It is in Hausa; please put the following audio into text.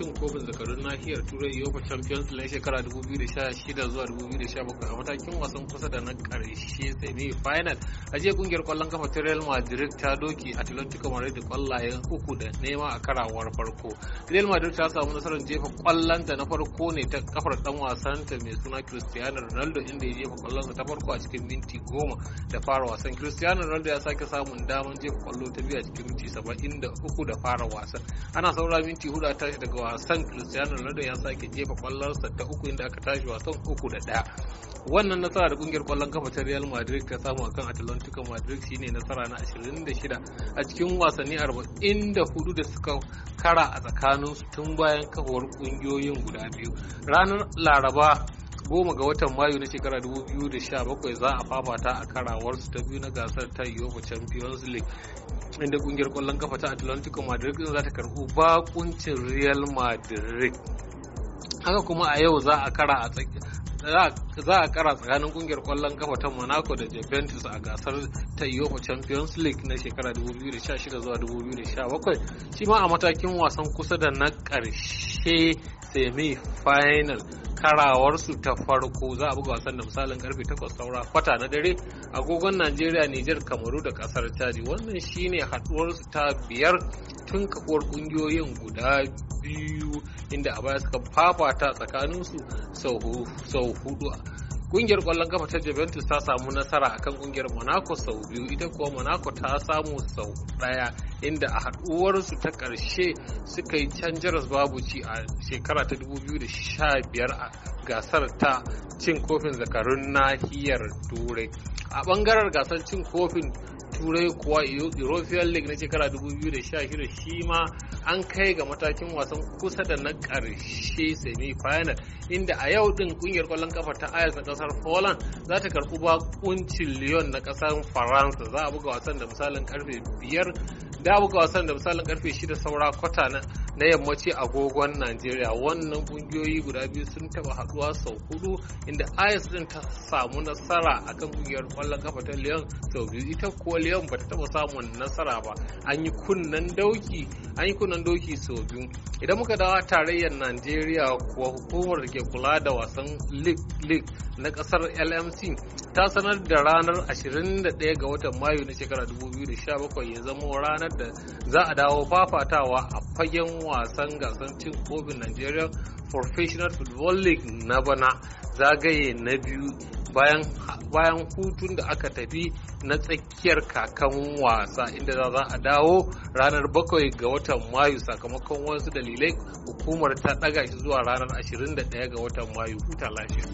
cin kofin zakarun nahiyar turai yofa champions league shekara 2016 zuwa 2017 a matakin wasan kusa da na karshe sai ne final a jiya kungiyar kwallon kafa ta real madrid ta doki atlantico madrid da kwallayen uku da nema a karawar farko real madrid ta samu nasarar jefa kwallon ta na farko ne ta kafar dan wasan ta mai suna cristiano ronaldo inda ya jefa kwallon ta farko a cikin minti goma da fara wasan cristiano ronaldo ya sake samun daman jefa kwallo ta biyu a cikin minti 73 da fara wasan ana saura minti hudu a tashi daga wasan cristiano ronaldo ya sake jefa kwallonsa ta uku inda aka tashi wasan uku da ɗaya. wannan nasara da kungiyar kwallon kafa ta real madrid ta samu akan atlantico madrid shine nasara na 26 a cikin wasanni 44 da suka kara a tsakaninsu tun bayan kafawar kungiyoyin guda biyu ranar laraba goma ga watan mayu na shekara 2017 za a fafata a karawarsu ta biyu na gasar ta yoma champions league inda kungiyar kwallon kafa ta atlantico madrid za ta karɓi bakuncin real madrid haka kuma a yau za a kara a za a kara tsakanin kungiyar kwallon kafa ta Monaco da Juventus a gasar ta yoma Champions League na shekara 2016 zuwa 2017 shi ma a matakin wasan kusa da na ƙarshe semi final karawarsu ta farko za a buga wasan da misalin karfe 8 saura kwata na dare agogon Najeriya, Nijar, Kamaru da kasar Chadi. Wannan shine haduwarsu ta biyar tun kafuwar kungiyoyin guda biyu inda a baya suka fafata tsakaninsu sau hudu kungiyar kwallon kafa ta juventus ta samu nasara akan kungiyar monaco sau biyu ita kuwa monaco ta samu sau daya inda a haduwarsu ta karshe suka yi canjaras babu ci a shekara ta 2015 a gasar ta cin kofin zakarun nahiyar turai a bangaren gasar cin kofin turai kuwa european league na shekara 2016 shi ma an kai ga matakin wasan kusa da na karshe semi final inda a yau din kungiyar kwallon kafa ta ayas na kasar poland za ta karbi bakuncin lyon na kasar faransa za a buga wasan da misalin karfe 5 da buga wasan da misalin karfe 6 saura kwata na na yammaci agogon Najeriya wannan kungiyoyi guda biyu sun taba haduwa sau hudu inda Ayas din ta samu nasara akan kungiyar kwallon kafa ta Lyon sau biyu ita kuwa Lyon bata taba samun nasara ba an yi kunnen dauki an yi kunnen doki sau biyu idan muka dawo tarayyar Najeriya kuwa hukumar da ke kula da wasan league league na kasar LMC ta sanar da ranar 21 ga watan Mayu na shekarar 2017 ya zama ranar da za a dawo fafatawa a fagen wasan gasar cin kofin Nigeria Professional Football League na bana zagaye na biyu bayan hutun da aka tafi na tsakiyar kakan wasa inda za a dawo ranar bakwai ga watan mayu sakamakon wasu dalilai hukumar ta daga shi zuwa ranar 21 ga watan mayu huta lafiya